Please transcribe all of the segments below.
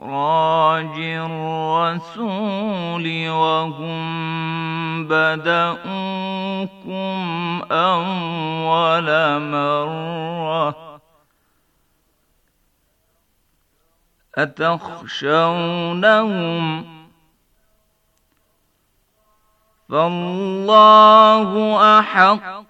إخراج الرسول وهم بدأوكم أول مرة أتخشونهم فالله أحق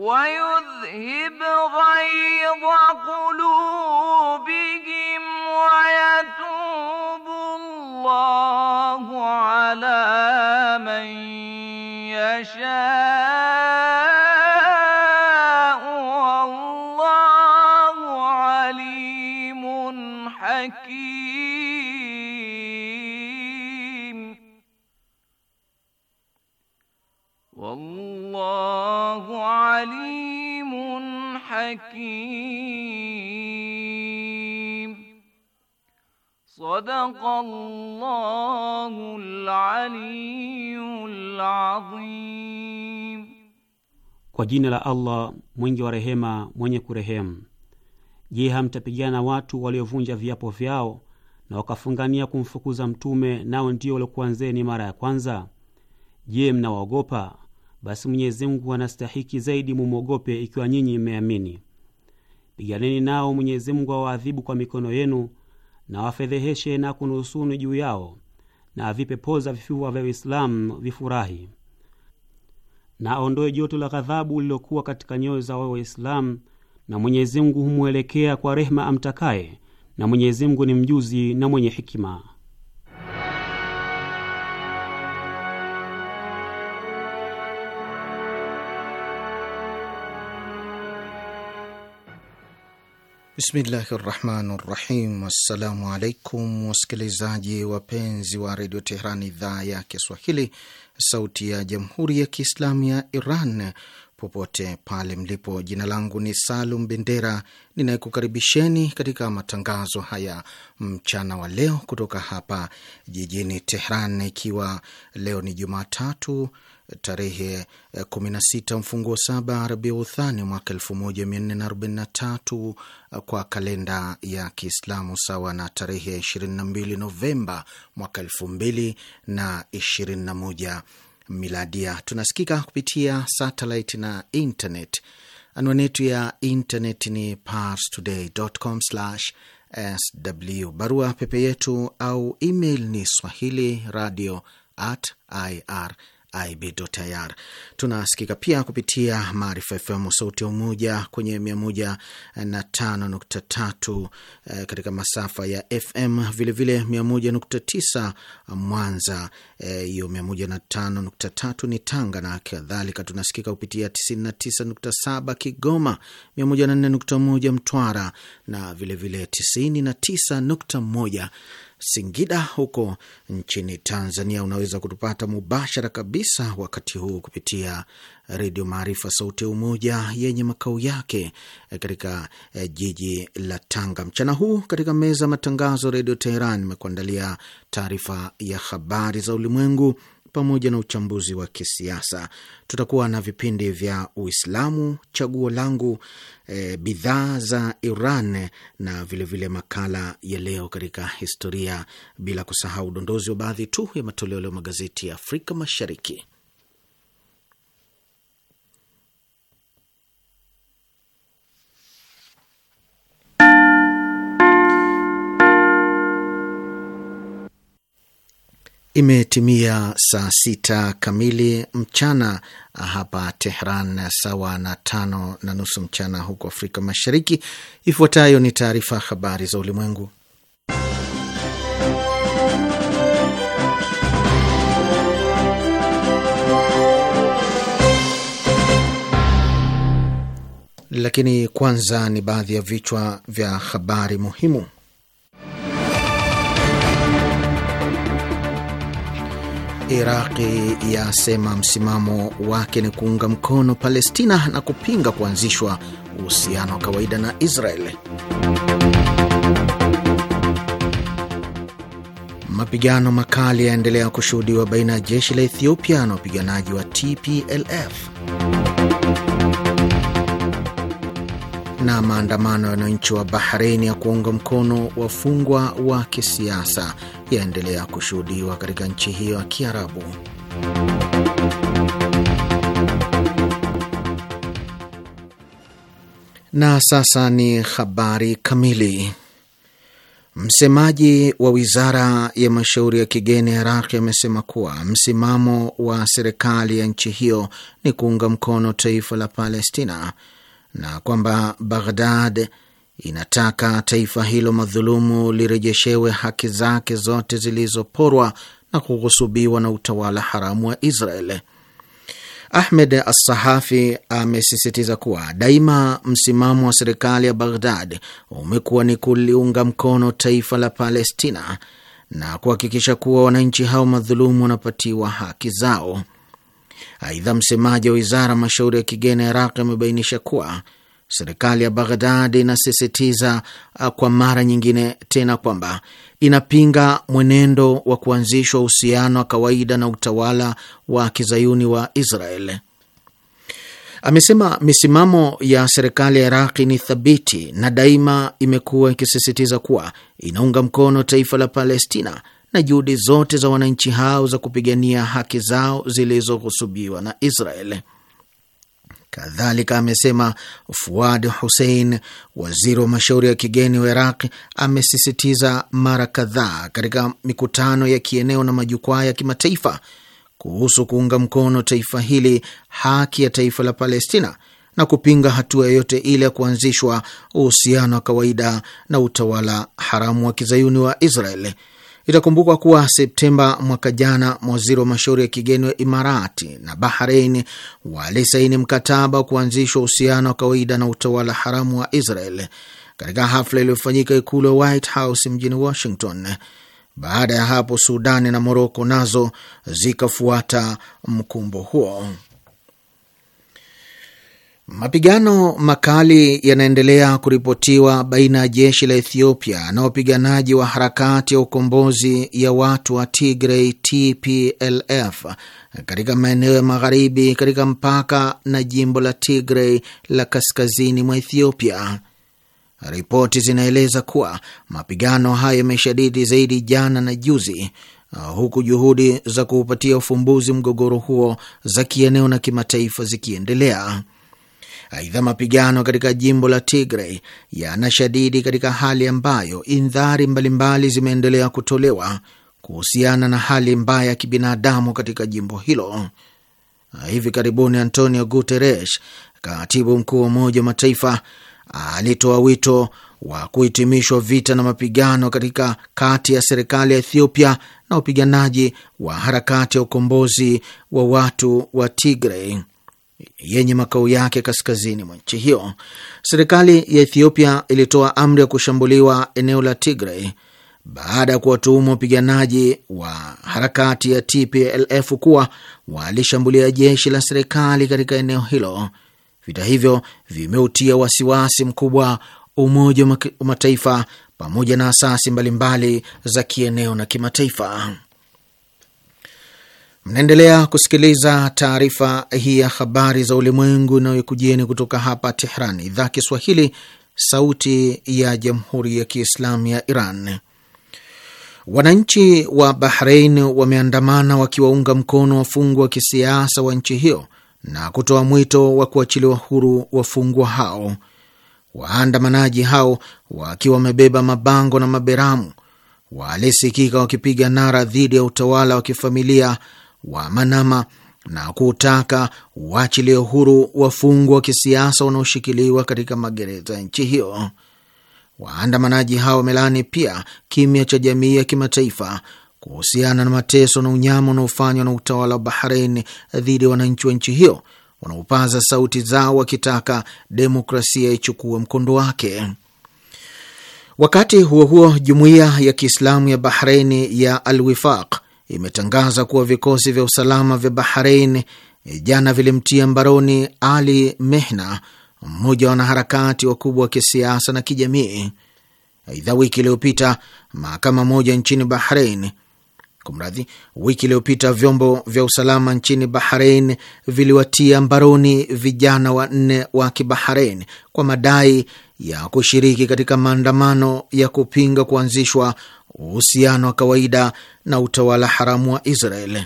ويذهب غيظ قلوبهم ويذهب jina la Allah mwingi wa rehema, mwenye kurehemu. Je, hamtapigana watu waliovunja viapo vyao na wakafungania kumfukuza Mtume, nao ndio waliokuanzeni mara ya kwanza? Je, mnawaogopa? Basi Mwenyezi Mungu anastahiki zaidi mumwogope, ikiwa nyinyi mmeamini. Piganeni nao, Mwenyezi Mungu awaadhibu kwa mikono yenu na wafedheheshe na kunusuni juu yao na avipe poza vifua vya Uislamu vifurahi na aondoe joto la ghadhabu lililokuwa katika nyoyo za wao Waislamu, na Mwenyezi Mungu humwelekea kwa rehema amtakaye, na Mwenyezi Mungu ni mjuzi na mwenye hikima. Bismillahi rahmani rahim. Assalamu alaikum wasikilizaji wapenzi wa redio Teheran, idhaa ya Kiswahili, sauti ya jamhuri ya kiislamu ya Iran, popote pale mlipo. Jina langu ni Salum Bendera ninayekukaribisheni katika matangazo haya mchana wa leo kutoka hapa jijini Teheran, ikiwa leo ni Jumatatu tarehe 16 eh, mfunguo saba Rabiu Thani mwaka 1443 eh, kwa kalenda ya Kiislamu, sawa na tarehe 22 Novemba mwaka 2021 miladia. Tunasikika kupitia satellite na internet. Anwani yetu ya internet ni parstoday.com/sw. Barua pepe yetu au email ni swahili radio at ir IB.ir. Tunasikika pia kupitia Maarifa FM sauti ya Umoja kwenye 105.3 e, eh, katika masafa ya FM, vilevile 101.9 Mwanza, eh, hiyo e, 105.3 ni Tanga na kadhalika. Tunasikika kupitia 99.7 Kigoma, 104.1 Mtwara na vilevile 99.1 Singida huko nchini Tanzania. Unaweza kutupata mubashara kabisa wakati huu kupitia Redio Maarifa Sauti ya Umoja yenye makao yake katika eh, jiji la Tanga. Mchana huu katika meza ya matangazo Redio Teheran imekuandalia taarifa ya habari za ulimwengu pamoja na uchambuzi wa kisiasa. Tutakuwa na vipindi vya Uislamu, chaguo langu, e, bidhaa za Iran na vilevile vile makala ya leo katika historia, bila kusahau udondozi wa baadhi tu ya matoleo leo magazeti ya Afrika Mashariki. Imetimia saa sita kamili mchana ah, hapa Tehran, sawa na tano na nusu mchana huko Afrika Mashariki. Ifuatayo ni taarifa ya habari za ulimwengu, lakini kwanza ni baadhi ya vichwa vya habari muhimu. Iraqi yasema msimamo wake ni kuunga mkono Palestina na kupinga kuanzishwa uhusiano wa kawaida na Israeli. Mapigano makali yaendelea kushuhudiwa baina ya jeshi la Ethiopia na wapiganaji wa TPLF na maandamano ya wananchi wa Bahrein ya kuunga mkono wafungwa wa kisiasa yaendelea kushuhudiwa katika nchi hiyo ya Kiarabu. Na sasa ni habari kamili. Msemaji wa wizara ya mashauri ya kigeni ya Iraq amesema kuwa msimamo wa serikali ya nchi hiyo ni kuunga mkono taifa la Palestina na kwamba Baghdad inataka taifa hilo madhulumu lirejeshewe haki zake zote zilizoporwa na kughusubiwa na utawala haramu wa Israel. Ahmed Assahafi amesisitiza kuwa daima msimamo wa serikali ya Baghdad umekuwa ni kuliunga mkono taifa la Palestina na kuhakikisha kuwa wananchi hao madhulumu wanapatiwa haki zao. Aidha, msemaji wa wizara mashauri ya kigeni ya Iraq amebainisha kuwa serikali ya Baghdad inasisitiza kwa mara nyingine tena kwamba inapinga mwenendo wa kuanzishwa uhusiano wa kawaida na utawala wa kizayuni wa Israel. Amesema misimamo ya serikali ya Iraqi ni thabiti na daima imekuwa ikisisitiza kuwa inaunga mkono taifa la Palestina na juhudi zote za wananchi hao za kupigania haki zao zilizoghusubiwa na Israel. Kadhalika amesema Fuad Hussein, waziri wa mashauri ya kigeni wa Iraq, amesisitiza mara kadhaa katika mikutano ya kieneo na majukwaa ya kimataifa kuhusu kuunga mkono taifa hili haki ya taifa la Palestina na kupinga hatua yoyote ile ya kuanzishwa uhusiano wa kawaida na utawala haramu wa kizayuni wa Israel Itakumbukwa kuwa Septemba mwaka jana mawaziri wa mashauri ya kigeni wa Imarati na Bahrain walisaini mkataba wa kuanzishwa uhusiano wa kawaida na utawala haramu wa Israel katika hafla iliyofanyika ikulu ya White House mjini Washington. Baada ya hapo, Sudani na Moroko nazo zikafuata mkumbo huo. Mapigano makali yanaendelea kuripotiwa baina ya jeshi la Ethiopia na wapiganaji wa harakati ya ukombozi ya watu wa Tigray TPLF katika maeneo ya magharibi katika mpaka na jimbo la Tigray la kaskazini mwa Ethiopia. Ripoti zinaeleza kuwa mapigano hayo yameshadidi zaidi jana na juzi, huku juhudi za kuupatia ufumbuzi mgogoro huo za kieneo na kimataifa zikiendelea. Aidha, mapigano katika jimbo la Tigray yanashadidi katika hali ambayo indhari mbalimbali zimeendelea kutolewa kuhusiana na hali mbaya ya kibinadamu katika jimbo hilo. Hivi karibuni Antonio Guterres, katibu mkuu wa Umoja wa Mataifa, alitoa wito wa kuhitimishwa vita na mapigano katika kati ya serikali ya Ethiopia na wapiganaji wa harakati ya ukombozi wa watu wa Tigray yenye makao yake kaskazini mwa nchi hiyo. Serikali ya Ethiopia ilitoa amri ya kushambuliwa eneo la Tigray baada ya kuwatuhumu wapiganaji wa harakati ya TPLF kuwa walishambulia jeshi la serikali katika eneo hilo. Vita hivyo vimeutia wasiwasi mkubwa Umoja wa Mataifa pamoja na asasi mbalimbali za kieneo na kimataifa. Mnaendelea kusikiliza taarifa hii ya habari za ulimwengu inayokujieni kutoka hapa Tehran, idhaa Kiswahili, sauti ya jamhuri ya kiislamu ya Iran. Wananchi wa Bahrein wameandamana wakiwaunga mkono wafungwa wa kisiasa wa nchi hiyo na kutoa mwito wa kuachiliwa huru wafungwa hao. Waandamanaji hao wakiwa wamebeba mabango na maberamu, walisikika wakipiga nara dhidi ya utawala wa kifamilia wa Manama na kutaka uachilie huru wafungwa wa kisiasa wanaoshikiliwa katika magereza ya nchi hiyo. Waandamanaji hao wamelaani pia kimya cha jamii ya kimataifa kuhusiana na mateso na unyama unaofanywa na utawala wa Bahrain dhidi ya wananchi wa nchi hiyo wanaopaza sauti zao wakitaka demokrasia ichukue mkondo wake. Wakati huo huo, jumuiya ya Kiislamu ya Bahrain ya Alwifaq imetangaza kuwa vikosi vya usalama vya bahrein eh, jana vilimtia mbaroni Ali Mehna, mmoja wa wanaharakati wakubwa wa kisiasa na kijamii. Aidha, wiki iliyopita mahakama moja nchini Bahrein Kumradhi, wiki iliyopita vyombo vya usalama nchini bahrein viliwatia mbaroni vijana wanne wa kibahrein kwa madai ya kushiriki katika maandamano ya kupinga kuanzishwa uhusiano wa kawaida na utawala haramu wa Israel.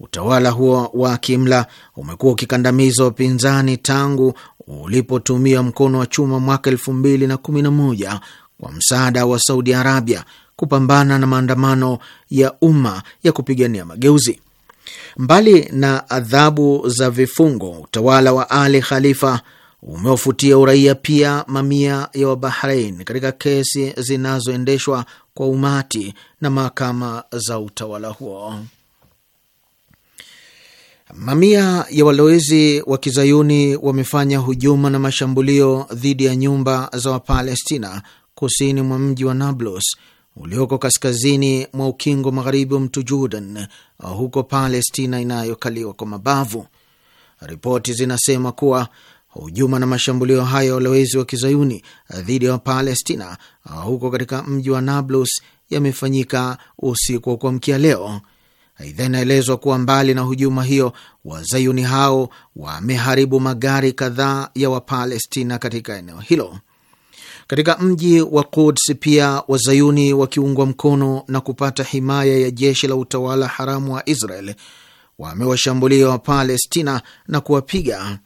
Utawala huo wa kimla umekuwa ukikandamiza wapinzani tangu ulipotumia mkono wa chuma mwaka elfu mbili na kumi na moja kwa msaada wa Saudi Arabia kupambana na maandamano ya umma ya kupigania mageuzi. Mbali na adhabu za vifungo, utawala wa Ali Khalifa umewafutia uraia pia mamia ya Wabahrain katika kesi zinazoendeshwa kwa umati na mahakama za utawala huo. Mamia ya walowezi wa kizayuni wamefanya hujuma na mashambulio dhidi ya nyumba za Wapalestina kusini mwa mji wa Nablus ulioko kaskazini mwa ukingo magharibi wa mto Jordan huko Palestina inayokaliwa kwa mabavu. Ripoti zinasema kuwa Hujuma na mashambulio hayo ya walowezi wa kizayuni dhidi ya Wapalestina huko katika mji wa Nablus yamefanyika usiku wa kuamkia leo. Aidha, inaelezwa kuwa mbali na hujuma hiyo, wazayuni hao wameharibu magari kadhaa ya Wapalestina katika eneo hilo. Katika mji wa Quds pia wazayuni wakiungwa mkono na kupata himaya ya jeshi la utawala haramu wa Israel wamewashambulia Wapalestina na kuwapiga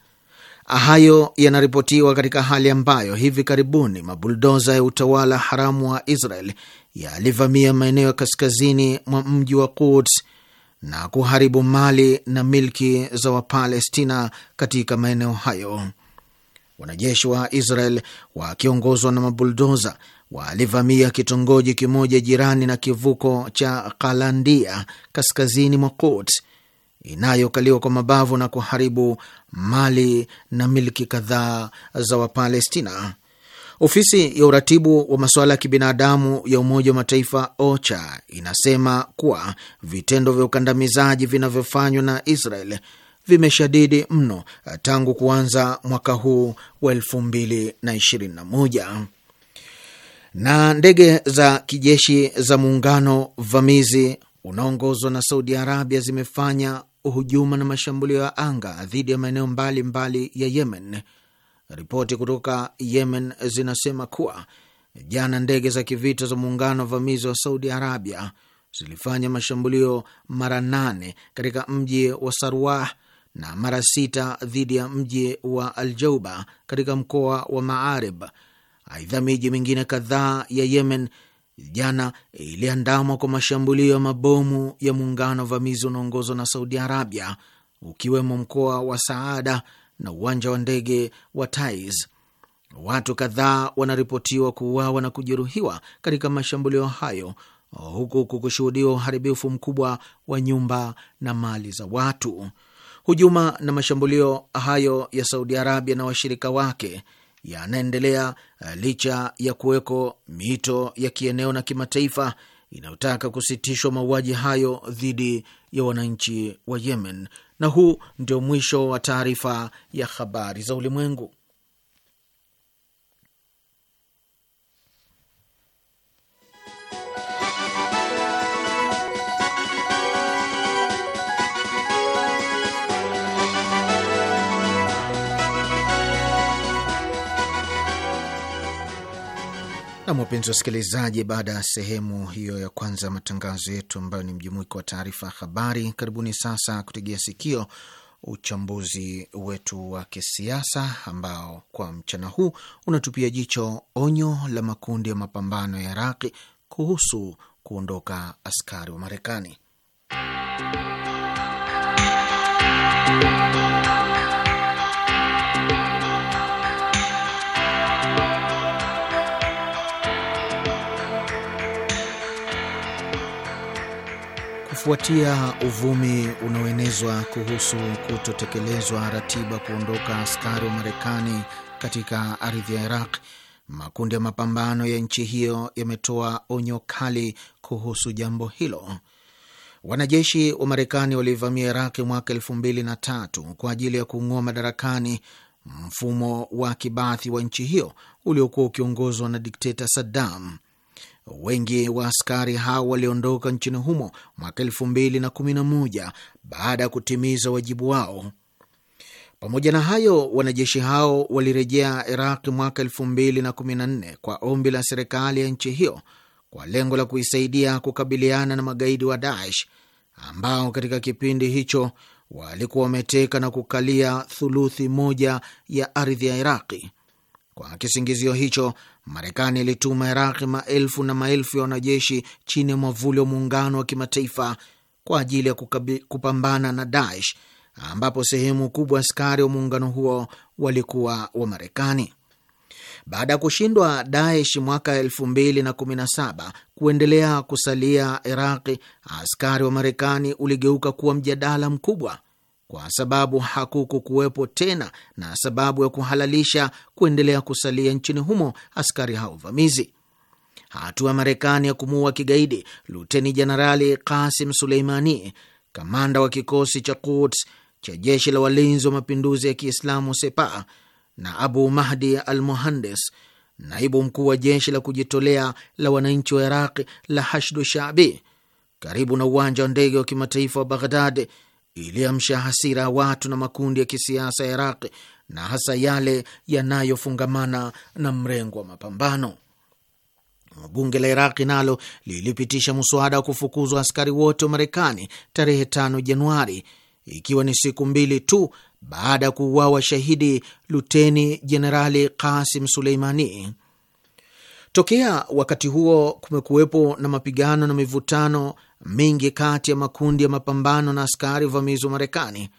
Hayo yanaripotiwa katika hali ambayo hivi karibuni mabuldoza ya utawala haramu wa Israel yalivamia maeneo ya kaskazini mwa mji wa Quds na kuharibu mali na milki za Wapalestina katika maeneo hayo. Wanajeshi wa Israel wakiongozwa na mabuldoza walivamia kitongoji kimoja jirani na kivuko cha Kalandia kaskazini mwa Quds inayokaliwa kwa mabavu na kuharibu mali na milki kadhaa za Wapalestina. Ofisi ya uratibu wa masuala ya kibinadamu ya Umoja wa Mataifa OCHA inasema kuwa vitendo vya ukandamizaji vinavyofanywa na Israel vimeshadidi mno tangu kuanza mwaka huu wa elfu mbili na ishirini na moja. Na ndege za kijeshi za muungano vamizi unaongozwa na Saudi Arabia zimefanya hujuma na mashambulio ya anga dhidi ya maeneo mbalimbali ya Yemen. Ripoti kutoka Yemen zinasema kuwa jana ndege za kivita za muungano wa vamizi wa Saudi Arabia zilifanya mashambulio mara nane katika mji wa Sarwah na mara sita dhidi ya mji wa Aljauba katika mkoa wa Maarib. Aidha, miji mingine kadhaa ya Yemen jana iliandamwa kwa mashambulio ya mabomu ya muungano wa vamizi unaongozwa na Saudi Arabia, ukiwemo mkoa wa Saada na uwanja wa ndege wa Taiz. Watu kadhaa wanaripotiwa kuuawa na kujeruhiwa katika mashambulio hayo, huku kukushuhudiwa uharibifu mkubwa wa nyumba na mali za watu. Hujuma na mashambulio hayo ya Saudi Arabia na washirika wake yanaendelea eh, licha ya kuweko mito ya kieneo na kimataifa inayotaka kusitishwa mauaji hayo dhidi ya wananchi wa Yemen. Na huu ndio mwisho wa taarifa ya habari za ulimwengu. Nam, wapenzi wasikilizaji, baada ya sehemu hiyo ya kwanza ya matangazo yetu ambayo ni mjumuiko wa taarifa ya habari, karibuni sasa kutegea sikio uchambuzi wetu wa kisiasa ambao kwa mchana huu unatupia jicho onyo la makundi ya mapambano ya Iraqi kuhusu kuondoka askari wa Marekani. Kufuatia uvumi unaoenezwa kuhusu kutotekelezwa ratiba kuondoka askari wa Marekani katika ardhi ya Iraq, makundi ya mapambano ya nchi hiyo yametoa onyo kali kuhusu jambo hilo. Wanajeshi wa Marekani walivamia Iraqi mwaka elfu mbili na tatu kwa ajili ya kung'oa madarakani mfumo wa kibathi wa nchi hiyo uliokuwa ukiongozwa na dikteta Saddam Wengi wa askari hao waliondoka nchini humo mwaka elfu mbili na kumi na moja baada ya kutimiza wajibu wao. Pamoja na hayo, wanajeshi hao walirejea Iraq mwaka elfu mbili na kumi na nne kwa ombi la serikali ya nchi hiyo kwa lengo la kuisaidia kukabiliana na magaidi wa Daesh ambao katika kipindi hicho walikuwa wameteka na kukalia thuluthi moja ya ardhi ya Iraqi. Kwa kisingizio hicho, Marekani ilituma Iraqi maelfu na maelfu ya wanajeshi chini ya mwavuli wa muungano wa kimataifa kwa ajili ya kupambana na Daesh, ambapo sehemu kubwa askari wa muungano huo walikuwa wa Marekani. Baada ya kushindwa Daesh mwaka elfu kuendelea kusalia Iraqi, askari wa Marekani uligeuka kuwa mjadala mkubwa kwa sababu hakukukuwepo tena na sababu ya kuhalalisha kuendelea kusalia nchini humo askari hao vamizi. Hatua ya Marekani ya kumuua kigaidi Luteni Jenerali Kasim Suleimani, kamanda wa kikosi cha Quds cha jeshi la walinzi wa mapinduzi ya Kiislamu Sepa, na Abu Mahdi al Muhandes, naibu mkuu wa jeshi la kujitolea la wananchi wa Iraqi la Hashdu Shabi, karibu na uwanja wa ndege wa kimataifa wa Baghdadi iliamsha hasira ya watu na makundi ya kisiasa ya Iraq na hasa yale yanayofungamana na mrengo wa mapambano. Bunge la Iraqi nalo lilipitisha mswada wa kufukuzwa askari wote wa Marekani tarehe 5 Januari, ikiwa ni siku mbili tu baada ya kuuawa shahidi Luteni Jenerali Kasim Suleimani. Tokea wakati huo kumekuwepo na mapigano na mivutano mingi kati ya makundi ya mapambano na askari uvamizi wa Marekani.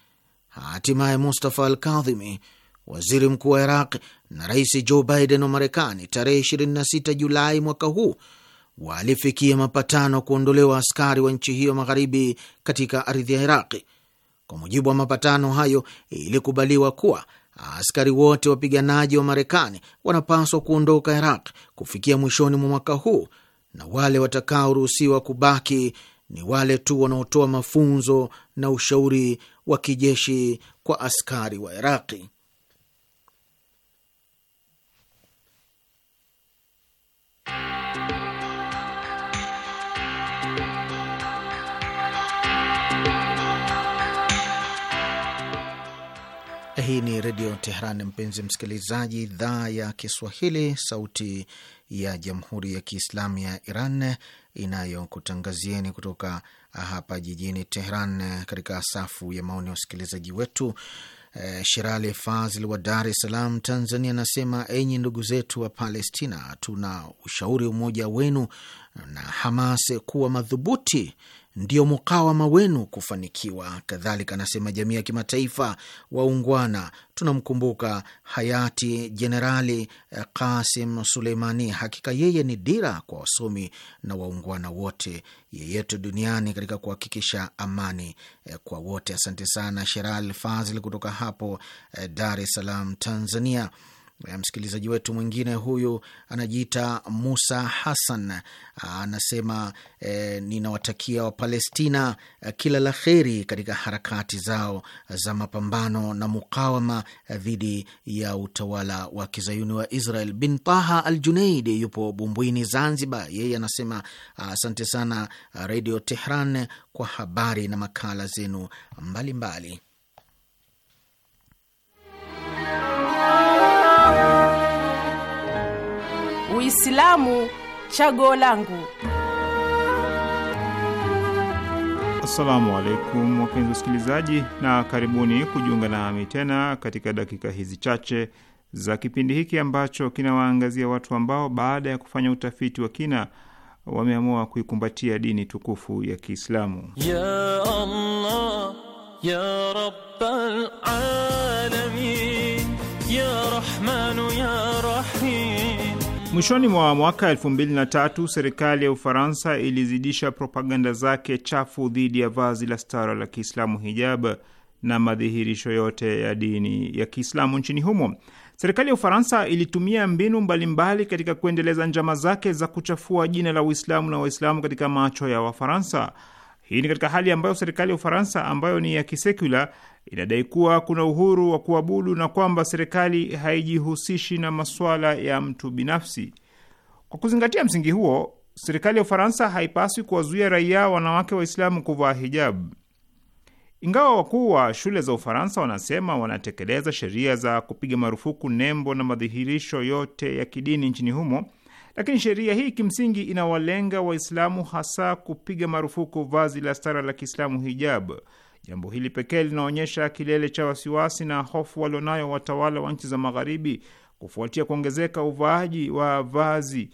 Hatimaye Mustafa Al Kadhimi, waziri mkuu wa Iraq, na rais Joe Biden wa Marekani tarehe 26 Julai mwaka huu walifikia mapatano kuondolewa askari wa nchi hiyo magharibi katika ardhi ya Iraqi. Kwa mujibu wa mapatano hayo, ilikubaliwa kuwa askari wote wapiganaji wa Marekani wanapaswa kuondoka Iraq kufikia mwishoni mwa mwaka huu, na wale watakaoruhusiwa kubaki ni wale tu wanaotoa mafunzo na ushauri wa kijeshi kwa askari wa Iraqi. Hii ni Redio Teheran, mpenzi msikilizaji, idhaa ya Kiswahili, sauti ya Jamhuri ya Kiislamu ya Iran inayokutangazieni kutoka hapa jijini Teheran. Katika safu ya maoni ya wasikilizaji wetu, eh, Shirali Fazil wa Dar es Salaam, Tanzania, anasema enyi ndugu zetu wa Palestina, tuna ushauri umoja wenu na Hamas kuwa madhubuti ndio mukawama wenu kufanikiwa. Kadhalika anasema jamii ya kimataifa waungwana, tunamkumbuka hayati Jenerali Kasim eh, Suleimani. Hakika yeye ni dira kwa wasomi na waungwana wote yeyetu duniani katika kuhakikisha amani eh, kwa wote. Asante sana Sheral Fazil kutoka hapo eh, Dar es Salaam, Tanzania. Eh, msikilizaji wetu mwingine huyu anajiita Musa Hassan, anasema e, ninawatakia Wapalestina eh, kila la kheri katika harakati zao za mapambano na mukawama dhidi ya utawala wa kizayuni wa Israel. Bin Taha Al juneid yupo Bumbwini, Zanzibar. Yeye anasema ah, asante sana ah, Redio Tehran kwa habari na makala zenu mbalimbali mbali. Uislamu chaguo langu. Assalamu alaikum wapenzi wasikilizaji, na karibuni kujiunga nami tena katika dakika hizi chache za kipindi hiki ambacho kinawaangazia watu ambao baada ya kufanya utafiti wa kina wameamua kuikumbatia dini tukufu ya Kiislamu. Ya Allah ya Rabbal alamin ya Rahmanu ya Rahim. Mwishoni mwa mwaka 2003 serikali ya Ufaransa ilizidisha propaganda zake chafu dhidi ya vazi la stara la Kiislamu hijab na madhihirisho yote ya dini ya Kiislamu nchini humo. Serikali ya Ufaransa ilitumia mbinu mbalimbali katika kuendeleza njama zake za kuchafua jina la Uislamu na Waislamu katika macho ya Wafaransa. Hii ni katika hali ambayo serikali ya Ufaransa ambayo ni ya kisekula inadai kuwa kuna uhuru wa kuabudu na kwamba serikali haijihusishi na masuala ya mtu binafsi. Kwa kuzingatia msingi huo, serikali ya Ufaransa haipaswi kuwazuia raia wanawake Waislamu kuvaa hijab. Ingawa wakuu wa shule za Ufaransa wanasema wanatekeleza sheria za kupiga marufuku nembo na madhihirisho yote ya kidini nchini humo, lakini sheria hii kimsingi inawalenga Waislamu hasa kupiga marufuku vazi la stara la Kiislamu, hijab. Jambo hili pekee linaonyesha kilele cha wasiwasi na hofu walionayo watawala wa nchi za Magharibi kufuatia kuongezeka uvaaji wa vazi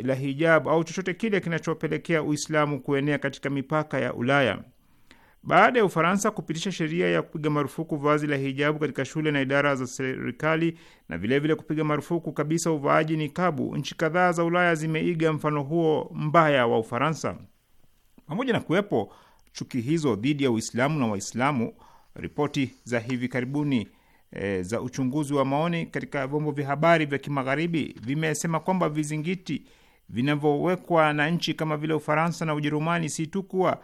la hijab au chochote kile kinachopelekea Uislamu kuenea katika mipaka ya Ulaya. Baada ya Ufaransa kupitisha sheria ya kupiga marufuku vazi la hijabu katika shule na idara za serikali na vilevile vile kupiga marufuku kabisa uvaaji nikabu, nchi kadhaa za Ulaya zimeiga mfano huo mbaya wa Ufaransa. Pamoja na kuwepo chuki hizo dhidi ya Uislamu na Waislamu, ripoti za hivi karibuni e, za uchunguzi wa maoni katika vyombo vya habari vya kimagharibi vimesema kwamba vizingiti vinavyowekwa na nchi kama vile Ufaransa na Ujerumani si tu kuwa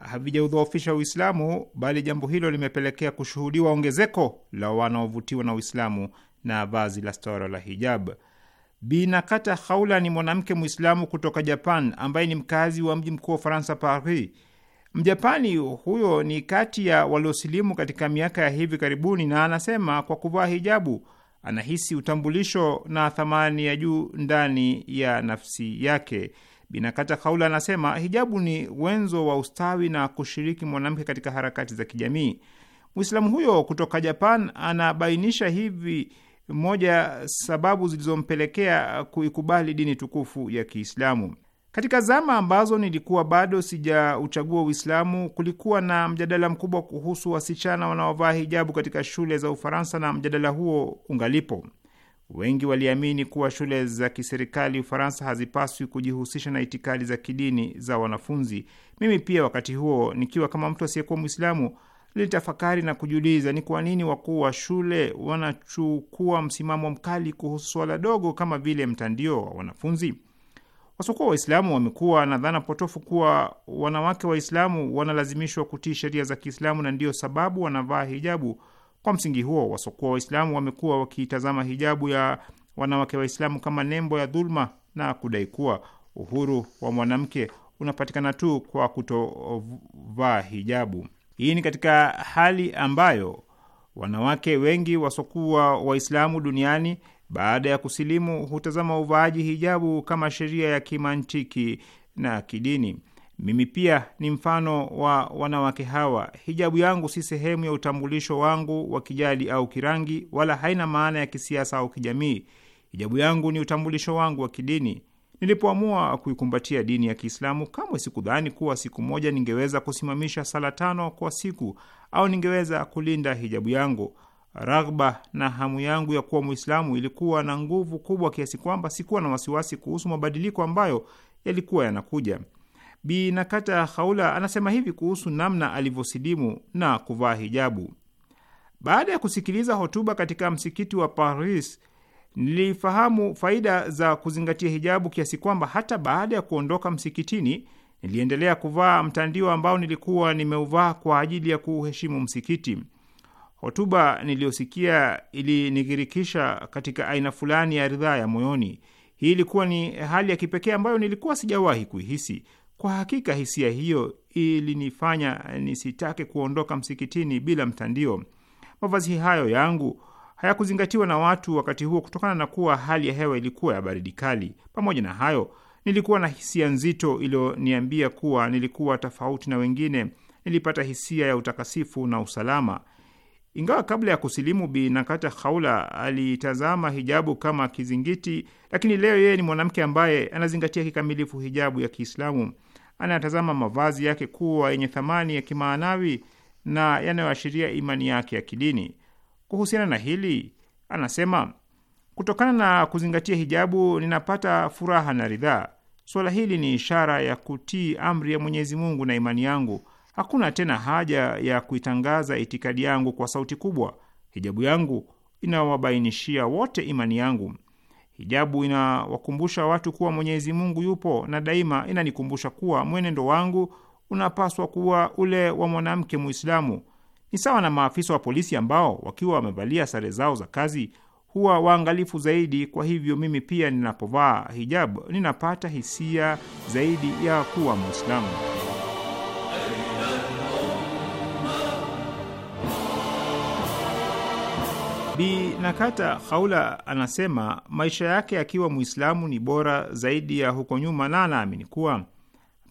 havijaudhoofisha Uislamu, bali jambo hilo limepelekea kushuhudiwa ongezeko la wanaovutiwa na Uislamu na vazi la stara la hijab. Bi Nakata Haula ni mwanamke Mwislamu kutoka Japan ambaye ni mkazi wa mji mkuu wa Faransa, Paris. Mjapani huyo ni kati ya waliosilimu katika miaka ya hivi karibuni, na anasema kwa kuvaa hijabu anahisi utambulisho na thamani ya juu ndani ya nafsi yake. Binakata Kaula anasema hijabu ni wenzo wa ustawi na kushiriki mwanamke katika harakati za kijamii. Mwislamu huyo kutoka Japan anabainisha hivi moja sababu zilizompelekea kuikubali dini tukufu ya Kiislamu. Katika zama ambazo nilikuwa bado sijauchagua Uislamu, kulikuwa na mjadala mkubwa kuhusu wasichana wanaovaa hijabu katika shule za Ufaransa, na mjadala huo ungalipo. Wengi waliamini kuwa shule za kiserikali Ufaransa hazipaswi kujihusisha na itikadi za kidini za wanafunzi. Mimi pia wakati huo nikiwa kama mtu asiyekuwa Mwislamu nilitafakari na kujiuliza ni kwa nini wakuu wa shule wanachukua msimamo mkali kuhusu swala dogo kama vile mtandio wa wanafunzi. Wasiokuwa Waislamu wamekuwa na dhana potofu kuwa wanawake Waislamu wanalazimishwa kutii sheria za Kiislamu na ndiyo sababu wanavaa hijabu kwa msingi huo, wasokuwa Waislamu wamekuwa wakitazama hijabu ya wanawake Waislamu kama nembo ya dhuluma na kudai kuwa uhuru wa mwanamke unapatikana tu kwa kutovaa hijabu. Hii ni katika hali ambayo wanawake wengi wasokuwa Waislamu duniani baada ya kusilimu hutazama uvaaji hijabu kama sheria ya kimantiki na kidini. Mimi pia ni mfano wa wanawake hawa. Hijabu yangu si sehemu ya utambulisho wangu wa kijadi au kirangi, wala haina maana ya kisiasa au kijamii. Hijabu yangu ni utambulisho wangu wa kidini. Nilipoamua kuikumbatia dini ya Kiislamu, kamwe sikudhani kuwa siku moja ningeweza kusimamisha sala tano kwa siku au ningeweza kulinda hijabu yangu. Raghba na hamu yangu ya kuwa mwislamu ilikuwa na nguvu kubwa kiasi kwamba sikuwa na wasiwasi kuhusu mabadiliko ambayo yalikuwa yanakuja. Bi Nakata Haula anasema hivi kuhusu namna alivyosilimu na kuvaa hijabu: baada ya kusikiliza hotuba katika msikiti wa Paris nilifahamu faida za kuzingatia hijabu kiasi kwamba hata baada ya kuondoka msikitini niliendelea kuvaa mtandio ambao nilikuwa nimeuvaa kwa ajili ya kuheshimu msikiti. Hotuba niliyosikia ilinighirikisha katika aina fulani ya ridhaa ya moyoni. Hii ilikuwa ni hali ya kipekee ambayo nilikuwa sijawahi kuihisi. Kwa hakika hisia hiyo ilinifanya nisitake kuondoka msikitini bila mtandio. Mavazi hayo yangu hayakuzingatiwa na watu wakati huo kutokana na kuwa hali ya hewa ilikuwa ya baridi kali. Pamoja na hayo, nilikuwa na hisia nzito iliyoniambia kuwa nilikuwa tofauti na wengine. Nilipata hisia ya utakasifu na usalama. Ingawa kabla ya kusilimu, Bi Nakata Haula alitazama hijabu kama kizingiti, lakini leo yeye ni mwanamke ambaye anazingatia kikamilifu hijabu ya Kiislamu anayatazama mavazi yake kuwa yenye thamani ya kimaanawi na yanayoashiria imani yake ya kidini. Kuhusiana na hili, anasema kutokana na kuzingatia hijabu ninapata furaha na ridhaa. Suala hili ni ishara ya kutii amri ya Mwenyezi Mungu na imani yangu. Hakuna tena haja ya kuitangaza itikadi yangu kwa sauti kubwa. Hijabu yangu inawabainishia wote imani yangu. Hijabu inawakumbusha watu kuwa Mwenyezi Mungu yupo na daima inanikumbusha kuwa mwenendo wangu unapaswa kuwa ule wa mwanamke Muislamu. Ni sawa na maafisa wa polisi ambao wakiwa wamevalia sare zao za kazi huwa waangalifu zaidi. Kwa hivyo mimi pia ninapovaa hijabu ninapata hisia zaidi ya kuwa Muislamu. Bi Nakata Haula anasema maisha yake akiwa Mwislamu ni bora zaidi ya huko nyuma, na anaamini kuwa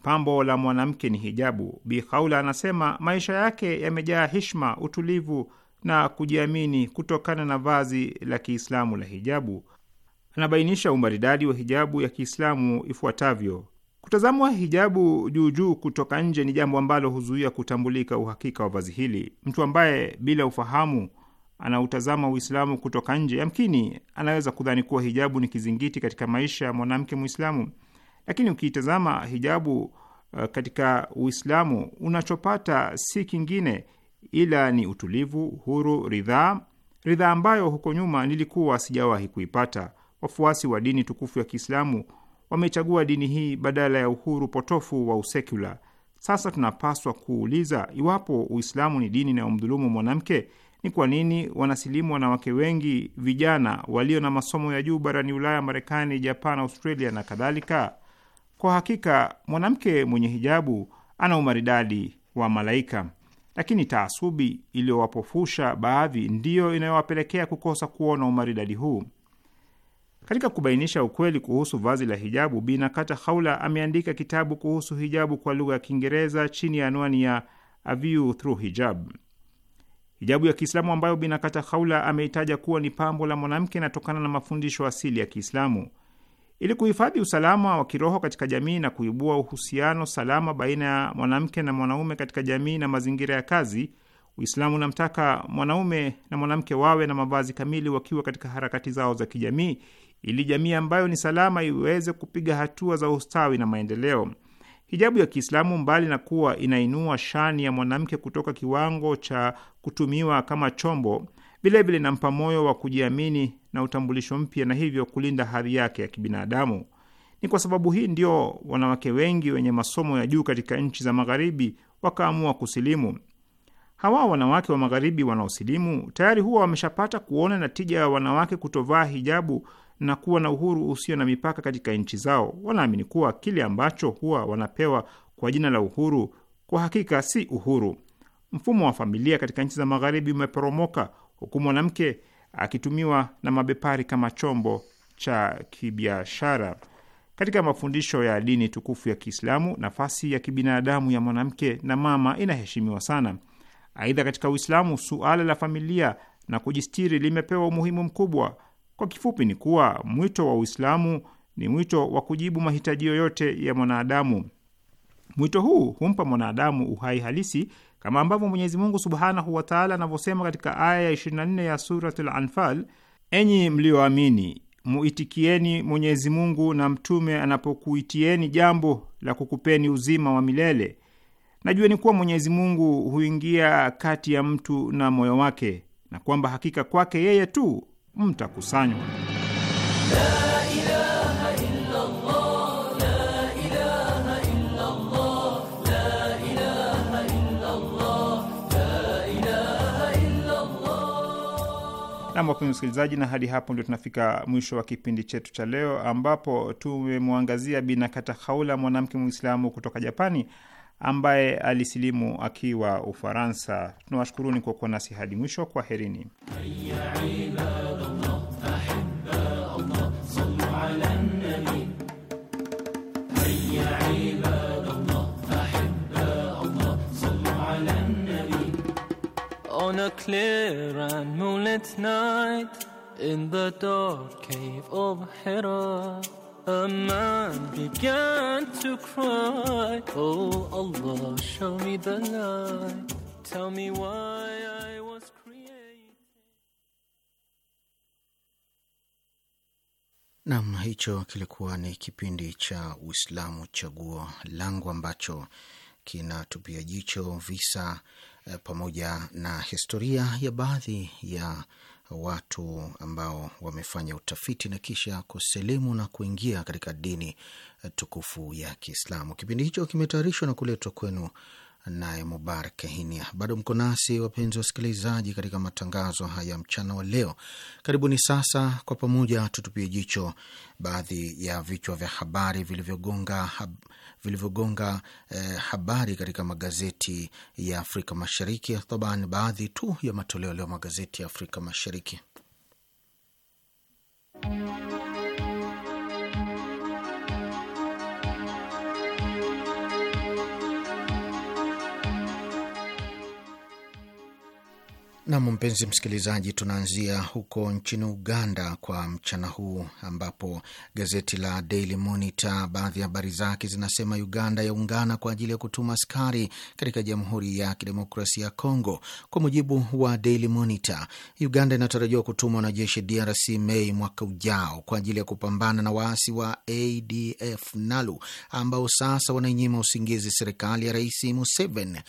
pambo la mwanamke ni hijabu. Bi Haula anasema maisha yake yamejaa hishma, utulivu na kujiamini kutokana na vazi la Kiislamu la hijabu. Anabainisha umaridadi wa hijabu ya Kiislamu ifuatavyo: Kutazamwa hijabu juu juu kutoka nje ni jambo ambalo huzuia kutambulika uhakika wa vazi hili. Mtu ambaye bila ufahamu anautazama Uislamu kutoka nje, yamkini anaweza kudhani kuwa hijabu ni kizingiti katika maisha ya mwanamke Muislamu, lakini ukiitazama hijabu uh, katika Uislamu unachopata si kingine ila ni utulivu, huru, ridhaa, ridhaa ambayo huko nyuma nilikuwa sijawahi kuipata. Wafuasi wa dini tukufu ya Kiislamu wamechagua dini hii badala ya uhuru potofu wa usekula. Sasa tunapaswa kuuliza iwapo Uislamu ni dini inayomdhulumu mwanamke ni kwa nini wanasilimu wanawake wengi vijana walio na masomo ya juu barani Ulaya, Marekani, Japan, Australia na kadhalika. Kwa hakika mwanamke mwenye hijabu ana umaridadi wa malaika, lakini taasubi iliyowapofusha baadhi ndiyo inayowapelekea kukosa kuona umaridadi huu. Katika kubainisha ukweli kuhusu vazi la hijabu, Bi Nakata Haula ameandika kitabu kuhusu hijabu kwa lugha ya Kiingereza chini ya anwani ya A View Through Hijab. Hijabu ya Kiislamu ambayo Binakata Haula ameitaja kuwa ni pambo la mwanamke inatokana na mafundisho asili ya Kiislamu. Ili kuhifadhi usalama wa kiroho katika jamii na kuibua uhusiano salama baina ya mwanamke na mwanaume katika jamii na mazingira ya kazi, Uislamu unamtaka mwanaume na mwanamke wawe na mavazi kamili wakiwa katika harakati zao za kijamii, ili jamii ambayo ni salama iweze kupiga hatua za ustawi na maendeleo. Hijabu ya Kiislamu, mbali na kuwa inainua shani ya mwanamke kutoka kiwango cha kutumiwa kama chombo, vilevile inampa moyo wa kujiamini na utambulisho mpya, na hivyo kulinda hadhi yake ya kibinadamu. Ni kwa sababu hii ndio wanawake wengi wenye masomo ya juu katika nchi za Magharibi wakaamua kusilimu. Hawa wanawake wa Magharibi wanaosilimu tayari huwa wameshapata kuona natija ya wanawake kutovaa hijabu na kuwa na uhuru usio na mipaka katika nchi zao. Wanaamini kuwa kile ambacho huwa wanapewa kwa jina la uhuru kwa hakika si uhuru. Mfumo wa familia katika nchi za Magharibi umeporomoka huku mwanamke akitumiwa na mabepari kama chombo cha kibiashara. Katika mafundisho ya dini tukufu ya Kiislamu, nafasi ya kibinadamu ya mwanamke na mama inaheshimiwa sana. Aidha, katika Uislamu suala la familia na kujistiri limepewa umuhimu mkubwa. Kwa kifupi ni kuwa mwito wa Uislamu ni mwito wa kujibu mahitaji yoyote ya mwanadamu. Mwito huu humpa mwanadamu uhai halisi kama ambavyo Mwenyezi Mungu subhanahu wa taala anavyosema katika aya ya 24 ya Suratul Anfal: enyi mlioamini muitikieni Mwenyezi Mungu na mtume anapokuitieni jambo la kukupeni uzima wa milele, najueni kuwa Mwenyezi Mungu huingia kati ya mtu na moyo wake, na kwamba hakika kwake yeye tu mtakusanywa. La Nam, wapenzi msikilizaji, na hadi hapo ndio tunafika mwisho wa kipindi chetu cha leo, ambapo tumemwangazia Binakata Haula, mwanamke Mwislamu kutoka Japani ambaye alisilimu akiwa Ufaransa. Tunawashukuruni kwa kuwa nasi hadi mwisho. Kwaherini. a clear and moonlit night in the dark cave of Hera, A man began to cry, Oh Allah, show me the light. Tell me why I was created. Nam, hicho kilikuwa ni kipindi cha Uislamu Chaguo Langu ambacho kinatupia jicho visa Eh, pamoja na historia ya baadhi ya watu ambao wamefanya utafiti na kisha kusilimu na kuingia katika dini eh, tukufu ya Kiislamu. Kipindi hicho kimetayarishwa na kuletwa kwenu naye Mubarak Hinia. Bado mko nasi wapenzi wa wasikilizaji, katika matangazo haya mchana wa leo. Karibuni sasa, kwa pamoja tutupie jicho baadhi ya vichwa vya habari vilivyogonga hab, vilivyogonga eh, habari katika magazeti ya Afrika Mashariki, thoban baadhi tu ya matoleo leo magazeti ya Afrika Mashariki Nam, mpenzi msikilizaji, tunaanzia huko nchini Uganda kwa mchana huu ambapo gazeti la Daily Monitor, baadhi ya habari zake zinasema Uganda yaungana kwa ajili ya kutuma askari katika Jamhuri ya Kidemokrasia ya Kongo. Kwa mujibu wa Daily Monitor, Uganda inatarajiwa kutuma wanajeshi DRC Mei mwaka ujao kwa ajili ya kupambana na waasi wa ADF NALU ambao sasa wanainyima usingizi serikali ya Rais Museveni.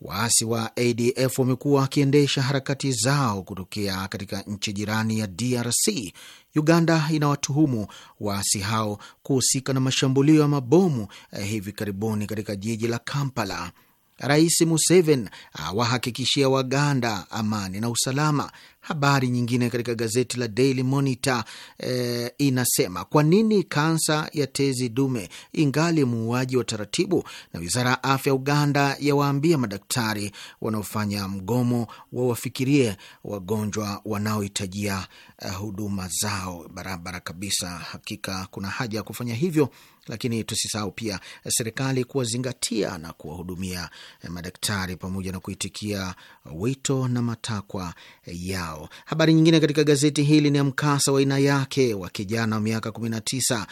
Waasi wa ADF wamekuwa wakiendesha harakati zao kutokea katika nchi jirani ya DRC. Uganda inawatuhumu waasi hao kuhusika na mashambulio ya mabomu eh, hivi karibuni katika jiji la Kampala. Rais Museveni awahakikishia Waganda amani na usalama. Habari nyingine katika gazeti la Daily Monitor eh, inasema kwa nini kansa ya tezi dume ingali muuaji wa taratibu, na wizara ya afya Uganda yawaambia madaktari wanaofanya mgomo wawafikirie wagonjwa wanaohitajia eh, huduma zao. Barabara kabisa, hakika kuna haja ya kufanya hivyo lakini tusisahau pia serikali kuwazingatia na kuwahudumia eh, madaktari pamoja na kuitikia wito na matakwa yao. Habari nyingine katika gazeti hili ni mkasa wa aina yake wa kijana wa miaka 19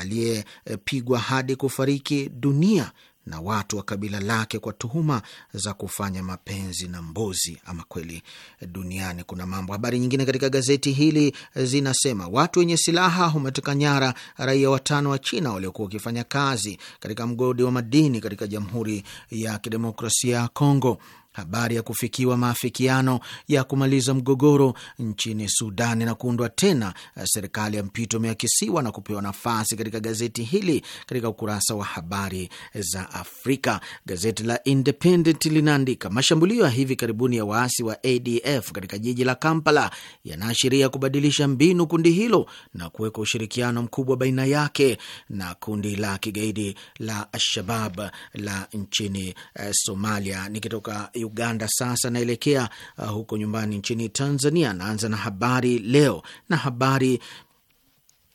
aliyepigwa hadi kufariki dunia na watu wa kabila lake kwa tuhuma za kufanya mapenzi na mbuzi. Ama kweli duniani kuna mambo. Habari nyingine katika gazeti hili zinasema watu wenye silaha wameteka nyara raia watano wa China waliokuwa wakifanya kazi katika mgodi wa madini katika Jamhuri ya Kidemokrasia ya Kongo habari ya kufikiwa maafikiano ya kumaliza mgogoro nchini sudan na kuundwa tena serikali ya mpito imeakisiwa na kupewa nafasi katika gazeti hili katika ukurasa wa habari za Afrika. Gazeti la Independent linaandika mashambulio ya hivi karibuni ya waasi wa ADF katika jiji la Kampala yanaashiria kubadilisha mbinu kundi hilo na kuweka ushirikiano mkubwa baina yake na kundi la kigaidi la Alshabab la nchini eh, Somalia. Nikitoka Uganda. Sasa naelekea uh, huko nyumbani nchini Tanzania. Naanza na habari leo na habari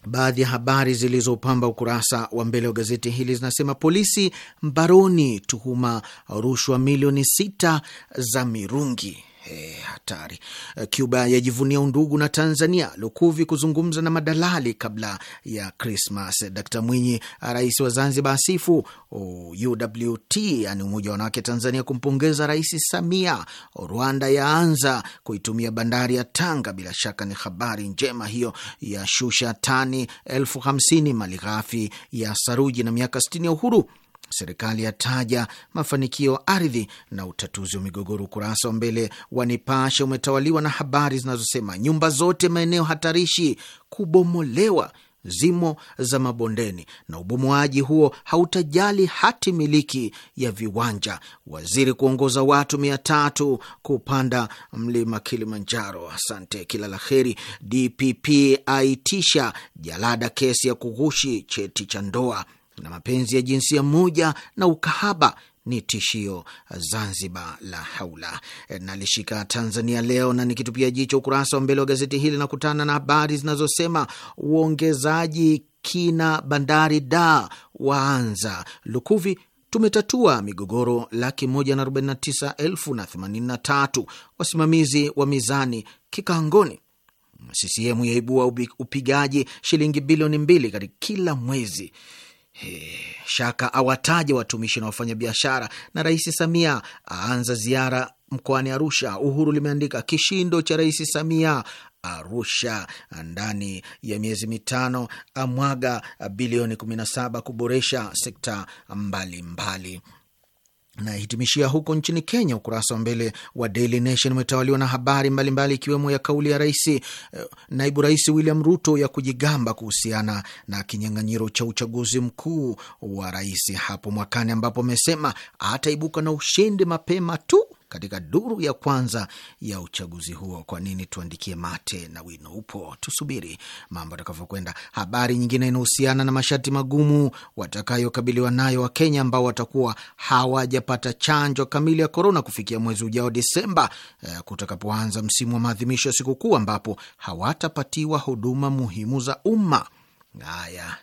Baadhi ya habari zilizopamba ukurasa wa mbele wa gazeti hili zinasema: polisi mbaroni tuhuma rushwa milioni sita za mirungi. He, hatari. Cuba yajivunia undugu na Tanzania. Lukuvi kuzungumza na madalali kabla ya Krismas. Dkt Mwinyi, rais wa Zanzibar, asifu UWT, yani umoja wa wanawake Tanzania, kumpongeza Rais Samia. Rwanda yaanza kuitumia bandari ya Tanga. Bila shaka ni habari njema hiyo ya shusha tani elfu hamsini malighafi ya saruji na miaka sitini ya uhuru Serikali yataja mafanikio ardhi na utatuzi wa migogoro. Ukurasa wa mbele wa Nipashe umetawaliwa na habari zinazosema nyumba zote maeneo hatarishi kubomolewa, zimo za mabondeni, na ubomoaji huo hautajali hati miliki ya viwanja. Waziri kuongoza watu mia tatu kupanda mlima Kilimanjaro. Asante, kila la heri. DPP aitisha jalada kesi ya kughushi cheti cha ndoa na mapenzi ya jinsia moja na ukahaba ni tishio Zanzibar. La haula. E, nalishika Tanzania Leo na nikitupia jicho ukurasa wa mbele wa gazeti hili na kutana na habari zinazosema uongezaji kina bandari da waanza Lukuvi tumetatua migogoro laki moja na arobaini na tisa elfu na themanini na tatu wasimamizi wa mizani kikangoni. CCM yaibua upigaji shilingi bilioni mbili katika kila mwezi Eh, shaka awataja watumishi na wafanyabiashara, na Rais Samia aanza ziara mkoani Arusha. Uhuru limeandika kishindo cha Rais Samia Arusha ndani ya miezi mitano amwaga bilioni 17 kuboresha sekta mbalimbali mbali. Nahitimishia huko nchini Kenya. Ukurasa wa mbele wa Daily Nation umetawaliwa na habari mbalimbali ikiwemo mbali ya kauli ya rais, eh, naibu rais William Ruto ya kujigamba kuhusiana na kinyang'anyiro cha uchaguzi mkuu wa rais hapo mwakani, ambapo amesema ataibuka na ushindi mapema tu katika duru ya kwanza ya uchaguzi huo. Kwa nini tuandikie mate na wino upo? Tusubiri mambo atakavyokwenda. Habari nyingine inahusiana na masharti magumu watakayokabiliwa nayo Wakenya ambao watakuwa hawajapata chanjo kamili ya korona kufikia mwezi ujao Desemba, eh, kutakapoanza msimu wa maadhimisho ya sikukuu ambapo hawatapatiwa huduma muhimu za umma. Haya,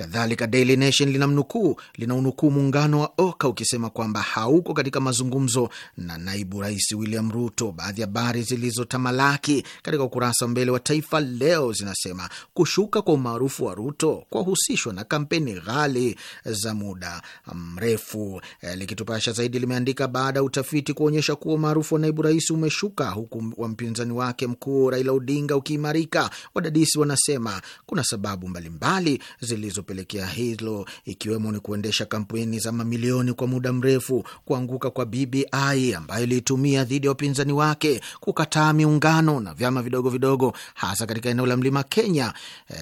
Kadhalika, Daily Nation linamnukuu linaunukuu muungano wa OKA ukisema kwamba hauko katika mazungumzo na naibu rais William Ruto. Baadhi ya habari zilizotamalaki katika ukurasa wa mbele wa Taifa Leo zinasema kushuka kwa umaarufu wa Ruto kwahusishwa na kampeni ghali za muda mrefu. Eh, likitupasha zaidi, limeandika baada ya utafiti kuonyesha kuwa umaarufu wa naibu rais umeshuka huku wa mpinzani wake mkuu Raila Odinga ukiimarika, wadadisi wanasema kuna sababu mbalimbali zilizo kupelekea hilo ikiwemo ni kuendesha kampeni za mamilioni kwa muda mrefu, kuanguka kwa BBI ambayo iliitumia dhidi ya wapinzani wake, kukataa miungano na vyama vidogo vidogo, hasa katika eneo la mlima Kenya e,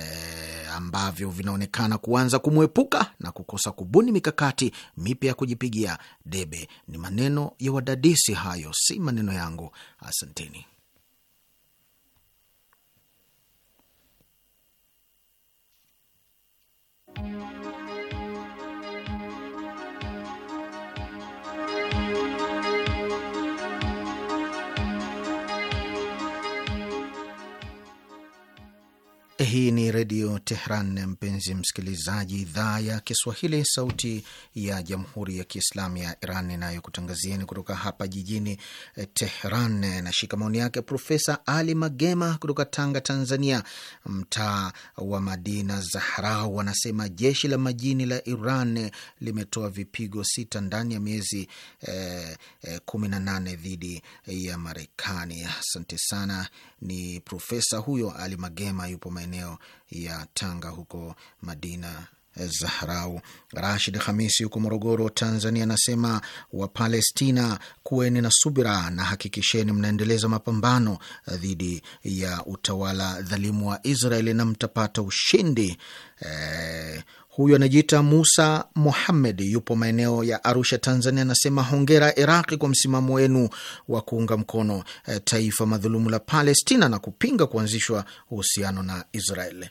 ambavyo vinaonekana kuanza kumwepuka na kukosa kubuni mikakati mipya ya kujipigia debe. Ni maneno ya wadadisi hayo, si maneno yangu. Asanteni. Música Hii ni Redio Tehran, mpenzi msikilizaji, idhaa ya Kiswahili, sauti ya Jamhuri ya Kiislamu ya Iran inayokutangazieni kutoka hapa jijini eh, Tehran. Nashika maoni yake Profesa Ali Magema kutoka Tanga, Tanzania, mtaa wa Madina Zahrau. anasema jeshi la majini la Iran limetoa vipigo sita ndani ya miezi eh, eh, kumi na nane dhidi ya Marekani. Asante sana, ni profesa huyo Ali Magema, yupo maeneo maeneo ya Tanga huko Madina eh, Zahrau. Rashid Hamisi huko Morogoro, Tanzania, anasema Wapalestina, kuweni na subira na hakikisheni mnaendeleza mapambano eh, dhidi ya utawala dhalimu wa Israeli na mtapata ushindi. eh, huyu anajiita Musa Muhammed, yupo maeneo ya Arusha, Tanzania. Anasema hongera Iraqi kwa msimamo wenu wa kuunga mkono eh, taifa madhulumu la Palestina na kupinga kuanzishwa uhusiano na Israeli.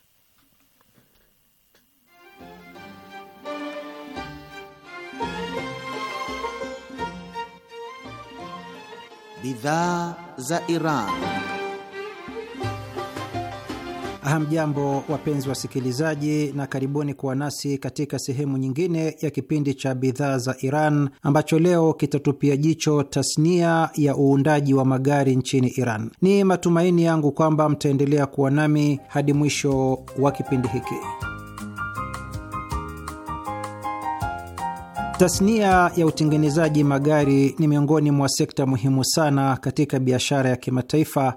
Bidhaa za Iran. Hamjambo, wapenzi wasikilizaji, na karibuni kuwa nasi katika sehemu nyingine ya kipindi cha bidhaa za Iran ambacho leo kitatupia jicho tasnia ya uundaji wa magari nchini Iran. Ni matumaini yangu kwamba mtaendelea kuwa nami hadi mwisho wa kipindi hiki. Tasnia ya utengenezaji magari ni miongoni mwa sekta muhimu sana katika biashara ya kimataifa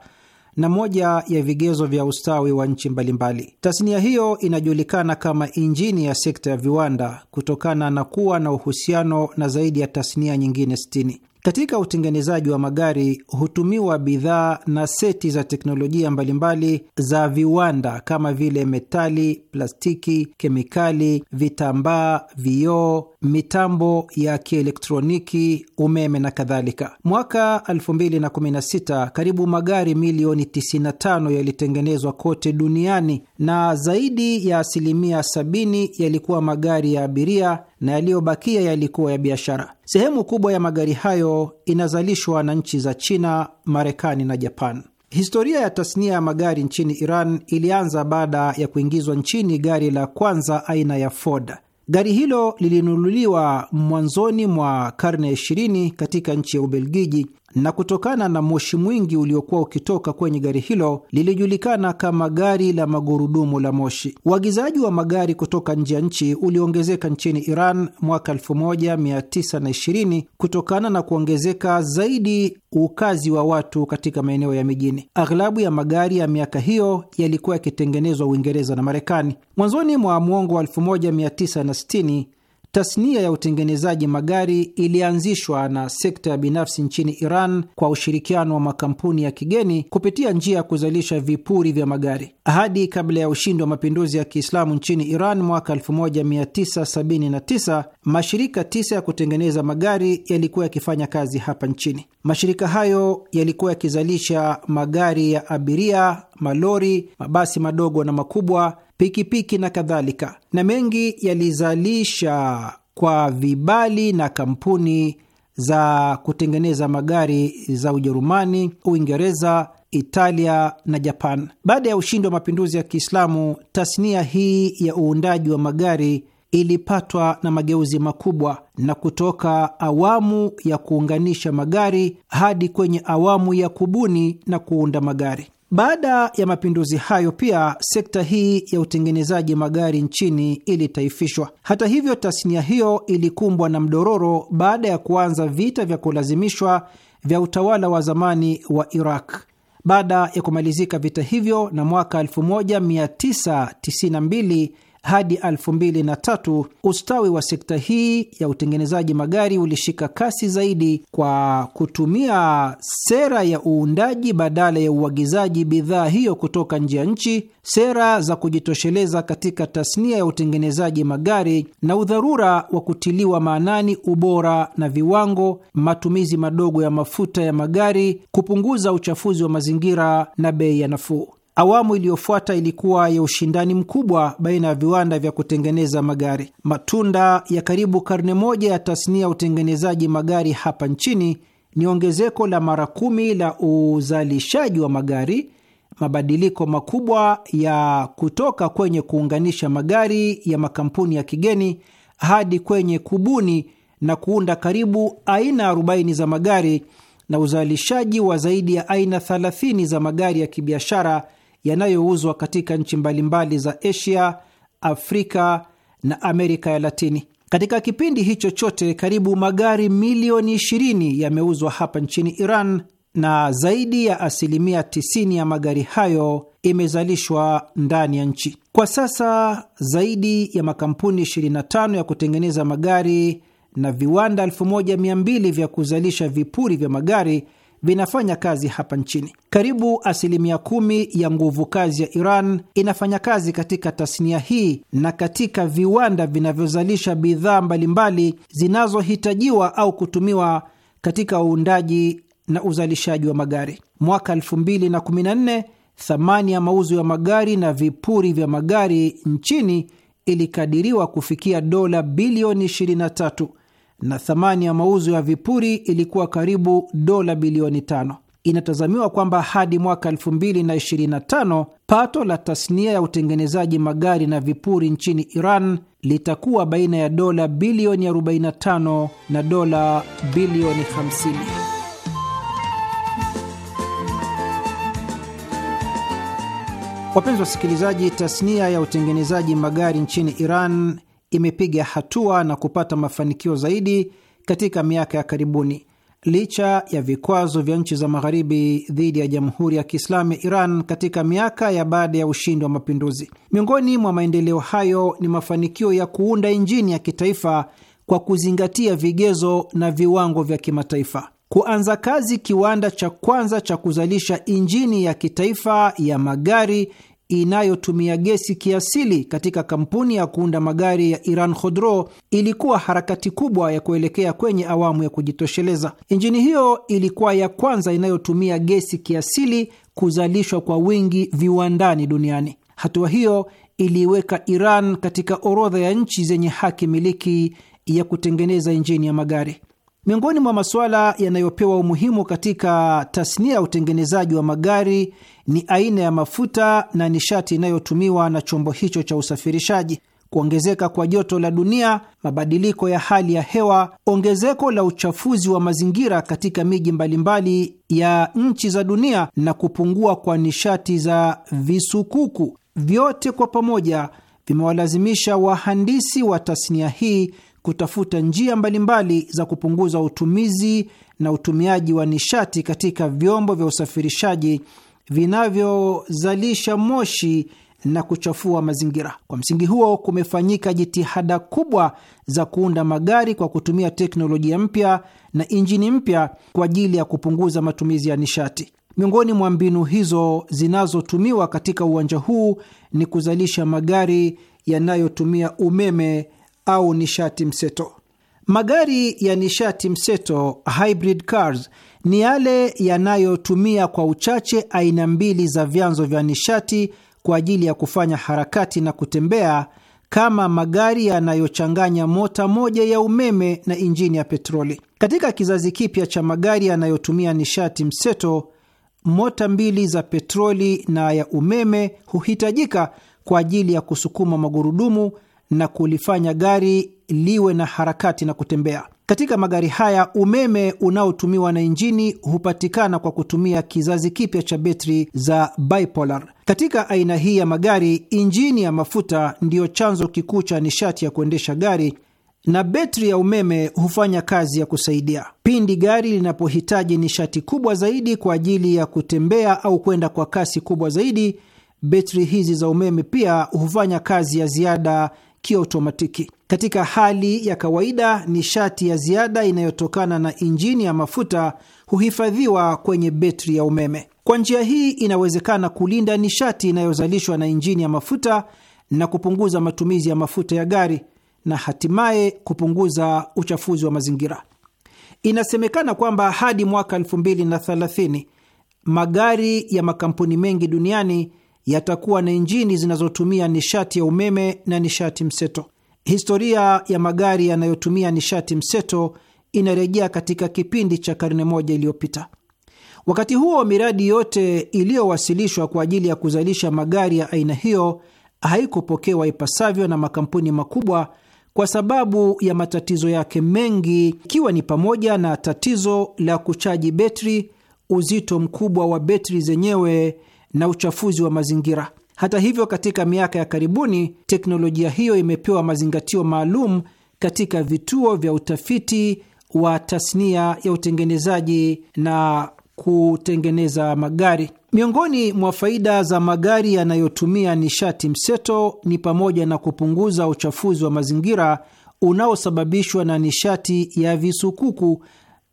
na moja ya vigezo vya ustawi wa nchi mbalimbali. Tasnia hiyo inajulikana kama injini ya sekta ya viwanda kutokana na kuwa na uhusiano na zaidi ya tasnia nyingine 60. Katika utengenezaji wa magari hutumiwa bidhaa na seti za teknolojia mbalimbali za viwanda kama vile metali, plastiki, kemikali, vitambaa, vioo, mitambo ya kielektroniki, umeme na kadhalika. Mwaka 2016 karibu magari milioni 95 yalitengenezwa kote duniani na zaidi ya asilimia 70 yalikuwa magari ya abiria na yaliyobakia yalikuwa ya biashara. Sehemu kubwa ya magari hayo inazalishwa na nchi za China, Marekani na Japan. Historia ya tasnia ya magari nchini Iran ilianza baada ya kuingizwa nchini gari la kwanza aina ya Ford. Gari hilo lilinunuliwa mwanzoni mwa karne ya 20 katika nchi ya Ubelgiji na kutokana na moshi mwingi uliokuwa ukitoka kwenye gari hilo lilijulikana kama gari la magurudumu la moshi. Uagizaji wa magari kutoka nje ya nchi uliongezeka nchini Iran mwaka 1920 kutokana na kuongezeka zaidi ukazi wa watu katika maeneo ya mijini. Aghlabu ya magari ya miaka hiyo yalikuwa yakitengenezwa Uingereza na Marekani. Mwanzoni mwa mwongo wa 1960 Tasnia ya utengenezaji magari ilianzishwa na sekta ya binafsi nchini Iran kwa ushirikiano wa makampuni ya kigeni kupitia njia ya kuzalisha vipuri vya magari. Hadi kabla ya ushindi wa mapinduzi ya Kiislamu nchini Iran mwaka 1979, mashirika tisa ya kutengeneza magari yalikuwa yakifanya kazi hapa nchini. Mashirika hayo yalikuwa yakizalisha magari ya abiria malori, mabasi madogo na makubwa, pikipiki piki na kadhalika, na mengi yalizalisha kwa vibali na kampuni za kutengeneza magari za Ujerumani, Uingereza, Italia na Japan. Baada ya ushindi wa mapinduzi ya Kiislamu, tasnia hii ya uundaji wa magari ilipatwa na mageuzi makubwa na kutoka awamu ya kuunganisha magari hadi kwenye awamu ya kubuni na kuunda magari. Baada ya mapinduzi hayo pia sekta hii ya utengenezaji magari nchini ilitaifishwa. Hata hivyo, tasnia hiyo ilikumbwa na mdororo baada ya kuanza vita vya kulazimishwa vya utawala wa zamani wa Iraq. Baada ya kumalizika vita hivyo na mwaka 1992 hadi 2003 ustawi wa sekta hii ya utengenezaji magari ulishika kasi zaidi kwa kutumia sera ya uundaji badala ya uagizaji bidhaa hiyo kutoka nje ya nchi, sera za kujitosheleza katika tasnia ya utengenezaji magari na udharura wa kutiliwa maanani ubora na viwango, matumizi madogo ya mafuta ya magari, kupunguza uchafuzi wa mazingira na bei ya nafuu. Awamu iliyofuata ilikuwa ya ushindani mkubwa baina ya viwanda vya kutengeneza magari. Matunda ya karibu karne moja ya tasnia ya utengenezaji magari hapa nchini ni ongezeko la mara kumi la uzalishaji wa magari, mabadiliko makubwa ya kutoka kwenye kuunganisha magari ya makampuni ya kigeni hadi kwenye kubuni na kuunda karibu aina 40 za magari na uzalishaji wa zaidi ya aina 30 za magari ya kibiashara yanayouzwa katika nchi mbalimbali za Asia, Afrika na Amerika ya Latini. Katika kipindi hicho chote, karibu magari milioni 20 yameuzwa hapa nchini Iran na zaidi ya asilimia 90 ya magari hayo imezalishwa ndani ya nchi. Kwa sasa zaidi ya makampuni 25 ya kutengeneza magari na viwanda 1200 vya kuzalisha vipuri vya magari vinafanya kazi hapa nchini. Karibu asilimia kumi ya nguvu kazi ya Iran inafanya kazi katika tasnia hii na katika viwanda vinavyozalisha bidhaa mbalimbali zinazohitajiwa au kutumiwa katika uundaji na uzalishaji wa magari. Mwaka 2014 thamani ya mauzo ya magari na vipuri vya magari nchini ilikadiriwa kufikia dola bilioni 23 na thamani ya mauzo ya vipuri ilikuwa karibu dola bilioni tano. Inatazamiwa kwamba hadi mwaka 2025 pato la tasnia ya utengenezaji magari na vipuri nchini Iran litakuwa baina ya dola bilioni 45 na dola bilioni 50. Wapenzi wasikilizaji, tasnia ya utengenezaji magari nchini Iran imepiga hatua na kupata mafanikio zaidi katika miaka ya karibuni licha ya vikwazo vya nchi za magharibi dhidi ya Jamhuri ya Kiislamu ya Iran katika miaka ya baada ya ushindi wa mapinduzi. Miongoni mwa maendeleo hayo ni mafanikio ya kuunda injini ya kitaifa kwa kuzingatia vigezo na viwango vya kimataifa, kuanza kazi kiwanda cha kwanza cha kuzalisha injini ya kitaifa ya magari inayotumia gesi kiasili katika kampuni ya kuunda magari ya Iran Khodro ilikuwa harakati kubwa ya kuelekea kwenye awamu ya kujitosheleza. Injini hiyo ilikuwa ya kwanza inayotumia gesi kiasili kuzalishwa kwa wingi viwandani duniani. Hatua hiyo iliiweka Iran katika orodha ya nchi zenye haki miliki ya kutengeneza injini ya magari. Miongoni mwa masuala yanayopewa umuhimu katika tasnia ya utengenezaji wa magari ni aina ya mafuta na nishati inayotumiwa na chombo hicho cha usafirishaji. Kuongezeka kwa joto la dunia, mabadiliko ya hali ya hewa, ongezeko la uchafuzi wa mazingira katika miji mbalimbali ya nchi za dunia na kupungua kwa nishati za visukuku, vyote kwa pamoja vimewalazimisha wahandisi wa tasnia hii kutafuta njia mbalimbali za kupunguza utumizi na utumiaji wa nishati katika vyombo vya usafirishaji vinavyozalisha moshi na kuchafua mazingira. Kwa msingi huo, kumefanyika jitihada kubwa za kuunda magari kwa kutumia teknolojia mpya na injini mpya kwa ajili ya kupunguza matumizi ya nishati. Miongoni mwa mbinu hizo zinazotumiwa katika uwanja huu ni kuzalisha magari yanayotumia umeme au nishati mseto. Magari ya nishati mseto hybrid cars ni yale yanayotumia kwa uchache aina mbili za vyanzo vya nishati kwa ajili ya kufanya harakati na kutembea kama magari yanayochanganya mota moja ya umeme na injini ya petroli. Katika kizazi kipya cha magari yanayotumia nishati mseto, mota mbili za petroli na ya umeme huhitajika kwa ajili ya kusukuma magurudumu na kulifanya gari liwe na harakati na kutembea. Katika magari haya umeme unaotumiwa na injini hupatikana kwa kutumia kizazi kipya cha betri za bipolar. Katika aina hii ya magari, injini ya mafuta ndiyo chanzo kikuu cha nishati ya kuendesha gari na betri ya umeme hufanya kazi ya kusaidia pindi gari linapohitaji nishati kubwa zaidi kwa ajili ya kutembea au kwenda kwa kasi kubwa zaidi. Betri hizi za umeme pia hufanya kazi ya ziada kiotomatiki. Katika hali ya kawaida, nishati ya ziada inayotokana na injini ya mafuta huhifadhiwa kwenye betri ya umeme. Kwa njia hii inawezekana kulinda nishati inayozalishwa na injini ya mafuta na kupunguza matumizi ya mafuta ya gari na hatimaye kupunguza uchafuzi wa mazingira. Inasemekana kwamba hadi mwaka 2030 magari ya makampuni mengi duniani yatakuwa na injini zinazotumia nishati ya umeme na nishati mseto. Historia ya magari yanayotumia nishati mseto inarejea katika kipindi cha karne moja iliyopita. Wakati huo, miradi yote iliyowasilishwa kwa ajili ya kuzalisha magari ya aina hiyo haikupokewa ipasavyo na makampuni makubwa kwa sababu ya matatizo yake mengi, ikiwa ni pamoja na tatizo la kuchaji betri, uzito mkubwa wa betri zenyewe na uchafuzi wa mazingira. Hata hivyo, katika miaka ya karibuni teknolojia hiyo imepewa mazingatio maalum katika vituo vya utafiti wa tasnia ya utengenezaji na kutengeneza magari. Miongoni mwa faida za magari yanayotumia nishati mseto ni pamoja na kupunguza uchafuzi wa mazingira unaosababishwa na nishati ya visukuku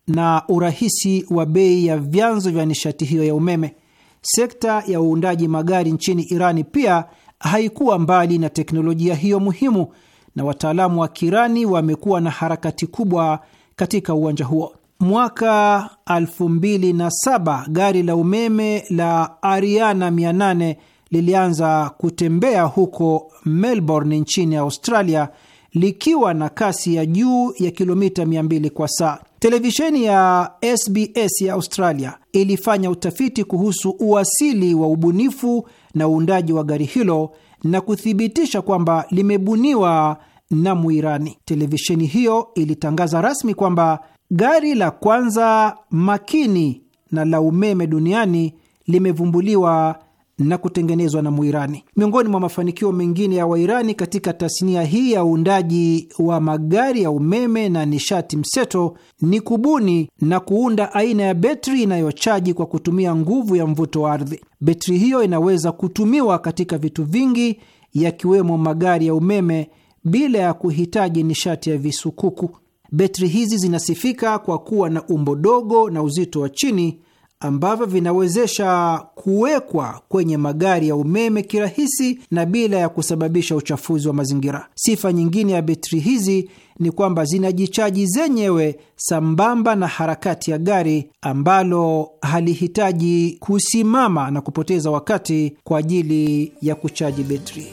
na urahisi wa bei ya vyanzo vya nishati hiyo ya umeme. Sekta ya uundaji magari nchini Irani pia haikuwa mbali na teknolojia hiyo muhimu, na wataalamu wa Kirani wamekuwa na harakati kubwa katika uwanja huo. Mwaka 2007 gari la umeme la Ariana 800 lilianza kutembea huko Melbourne nchini Australia likiwa na kasi ya juu ya kilomita 200 kwa saa. Televisheni ya SBS ya Australia ilifanya utafiti kuhusu uasili wa ubunifu na uundaji wa gari hilo na kuthibitisha kwamba limebuniwa na Mwirani. Televisheni hiyo ilitangaza rasmi kwamba gari la kwanza makini na la umeme duniani limevumbuliwa na kutengenezwa na Muirani. Miongoni mwa mafanikio mengine ya Wairani katika tasnia hii ya uundaji wa magari ya umeme na nishati mseto ni kubuni na kuunda aina ya betri inayochaji kwa kutumia nguvu ya mvuto wa ardhi. Betri hiyo inaweza kutumiwa katika vitu vingi, yakiwemo magari ya umeme bila ya kuhitaji nishati ya visukuku. Betri hizi zinasifika kwa kuwa na umbo dogo na uzito wa chini ambavyo vinawezesha kuwekwa kwenye magari ya umeme kirahisi na bila ya kusababisha uchafuzi wa mazingira. Sifa nyingine ya betri hizi ni kwamba zinajichaji zenyewe sambamba na harakati ya gari ambalo halihitaji kusimama na kupoteza wakati kwa ajili ya kuchaji betri.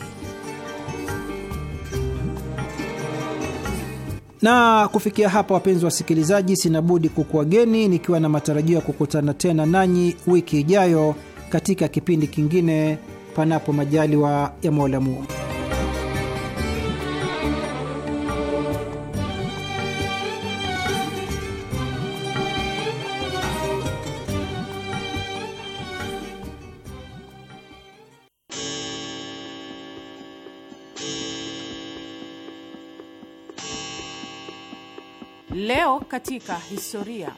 Na kufikia hapa, wapenzi wasikilizaji, sinabudi kukuwageni nikiwa na matarajio ya kukutana tena nanyi wiki ijayo katika kipindi kingine, panapo majaliwa ya Mola Mungu. Leo katika historia.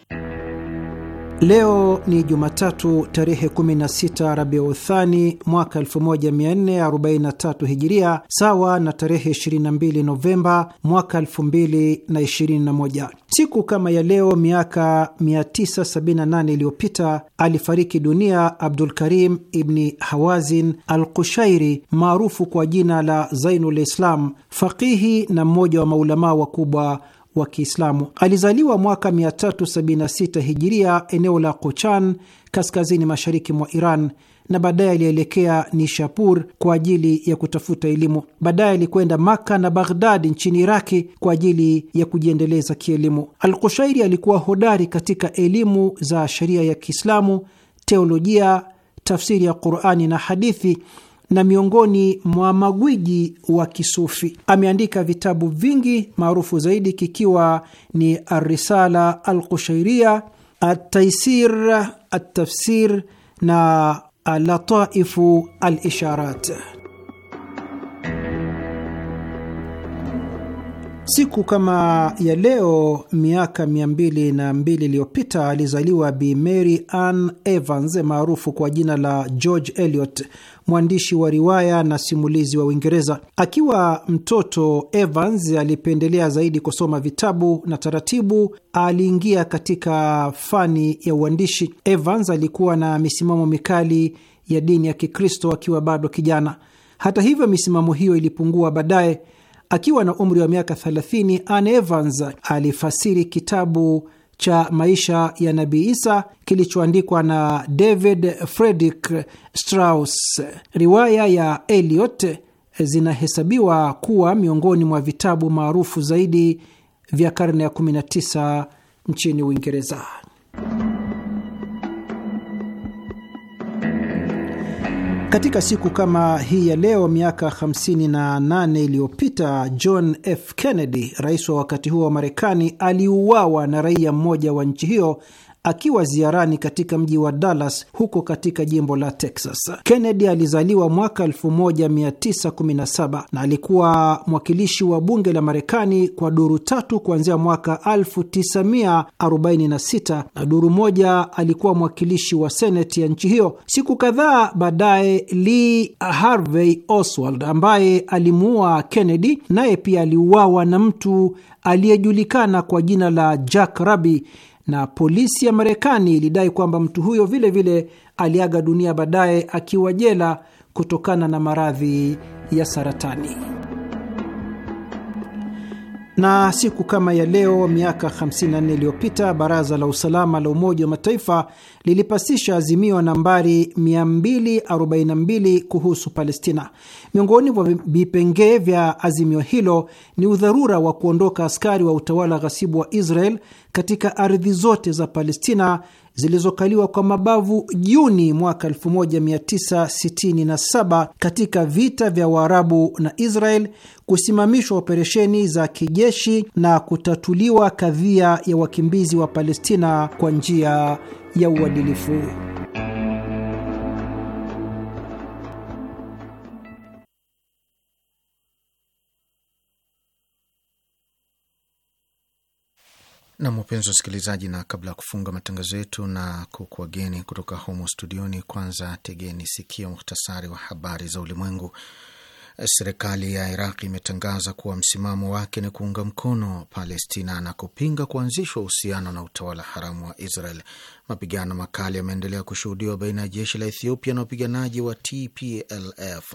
Leo ni Jumatatu tarehe 16 Rabiuthani mwaka 1443 Hijiria, sawa na tarehe 22 Novemba mwaka 2021. Siku kama ya leo miaka 978 iliyopita alifariki dunia Abdul Karim Ibni Hawazin al Qushairi, maarufu kwa jina la Zainul Islam, faqihi na mmoja wa maulamaa wakubwa wa Kiislamu. Alizaliwa mwaka 376 hijiria eneo la Kochan kaskazini mashariki mwa Iran na baadaye alielekea Nishapur kwa ajili ya kutafuta elimu. Baadaye alikwenda Maka na Baghdad nchini Iraki kwa ajili ya kujiendeleza kielimu. Alkushairi alikuwa hodari katika elimu za sheria ya Kiislamu, teolojia, tafsiri ya Qurani na hadithi na miongoni mwa magwiji wa kisufi. Ameandika vitabu vingi, maarufu zaidi kikiwa ni Arrisala Alqushairia, Ataisir, atafsir na Lataifu Alisharat. Siku kama ya leo miaka mia mbili na mbili iliyopita alizaliwa Bi Mary Ann Evans maarufu kwa jina la George Eliot, mwandishi wa riwaya na simulizi wa Uingereza. Akiwa mtoto, Evans alipendelea zaidi kusoma vitabu na taratibu aliingia katika fani ya uandishi. Evans alikuwa na misimamo mikali ya dini ya Kikristo akiwa bado kijana. Hata hivyo, misimamo hiyo ilipungua baadaye Akiwa na umri wa miaka 30, Anne Evans alifasiri kitabu cha maisha ya Nabii Isa kilichoandikwa na David Frederick Strauss. Riwaya ya Eliot zinahesabiwa kuwa miongoni mwa vitabu maarufu zaidi vya karne ya 19 nchini Uingereza. Katika siku kama hii ya leo miaka 58 iliyopita John F. Kennedy, rais wa wakati huo wa Marekani, aliuawa na raia mmoja wa nchi hiyo akiwa ziarani katika mji wa Dallas huko katika jimbo la Texas. Kennedy alizaliwa mwaka 1917 na alikuwa mwakilishi wa bunge la Marekani kwa duru tatu kuanzia mwaka 1946 na duru moja alikuwa mwakilishi wa seneti ya nchi hiyo. Siku kadhaa baadaye, Lee Harvey Oswald ambaye alimuua Kennedy, naye pia aliuawa na mtu aliyejulikana kwa jina la Jack Ruby na polisi ya Marekani ilidai kwamba mtu huyo vilevile vile aliaga dunia baadaye akiwa jela kutokana na maradhi ya saratani. Na siku kama ya leo miaka 54 iliyopita baraza la usalama la Umoja wa Mataifa lilipasisha azimio nambari 242 kuhusu Palestina. Miongoni mwa vipengee vya azimio hilo ni udharura wa kuondoka askari wa utawala ghasibu wa Israel katika ardhi zote za Palestina zilizokaliwa kwa mabavu Juni mwaka 1967 katika vita vya Waarabu na Israel, kusimamishwa operesheni za kijeshi na kutatuliwa kadhia ya wakimbizi wa Palestina kwa njia ya uadilifu. Nam, wapenzi wasikilizaji, na kabla ya kufunga matangazo yetu na kukuwageni kutoka humo studioni, kwanza tegeni sikio muhtasari wa habari za ulimwengu. Serikali ya Iraq imetangaza kuwa msimamo wake ni kuunga mkono Palestina na kupinga kuanzishwa uhusiano na utawala haramu wa Israel. Mapigano makali yameendelea kushuhudiwa baina ya jeshi la Ethiopia na wapiganaji wa TPLF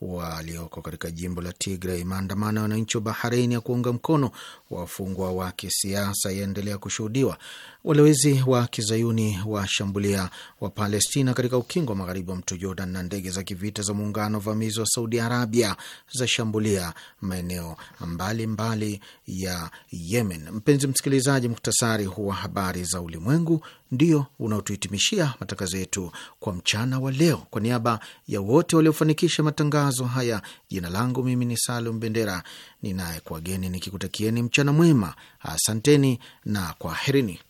walioko katika jimbo la Tigray. Maandamano ya wananchi wa Bahrein ya kuunga mkono wafungwa wa kisiasa yaendelea kushuhudiwa. Walowezi wa kizayuni washambulia wa Palestina katika ukingo wa magharibi wa mto Jordan, na ndege za kivita za muungano vamizi wa Saudi Arabia zashambulia maeneo mbalimbali ya Yemen. Mpenzi msikilizaji, muktasari huwa habari za ulimwengu ndio unaotuhitimishia matangazo yetu kwa mchana wa leo. Kwa niaba ya wote waliofanikisha matangazo matangazo haya. Jina langu mimi ni Salum Bendera, ninaye kwa nikikutakieni mchana mwema. Asanteni na kwaherini.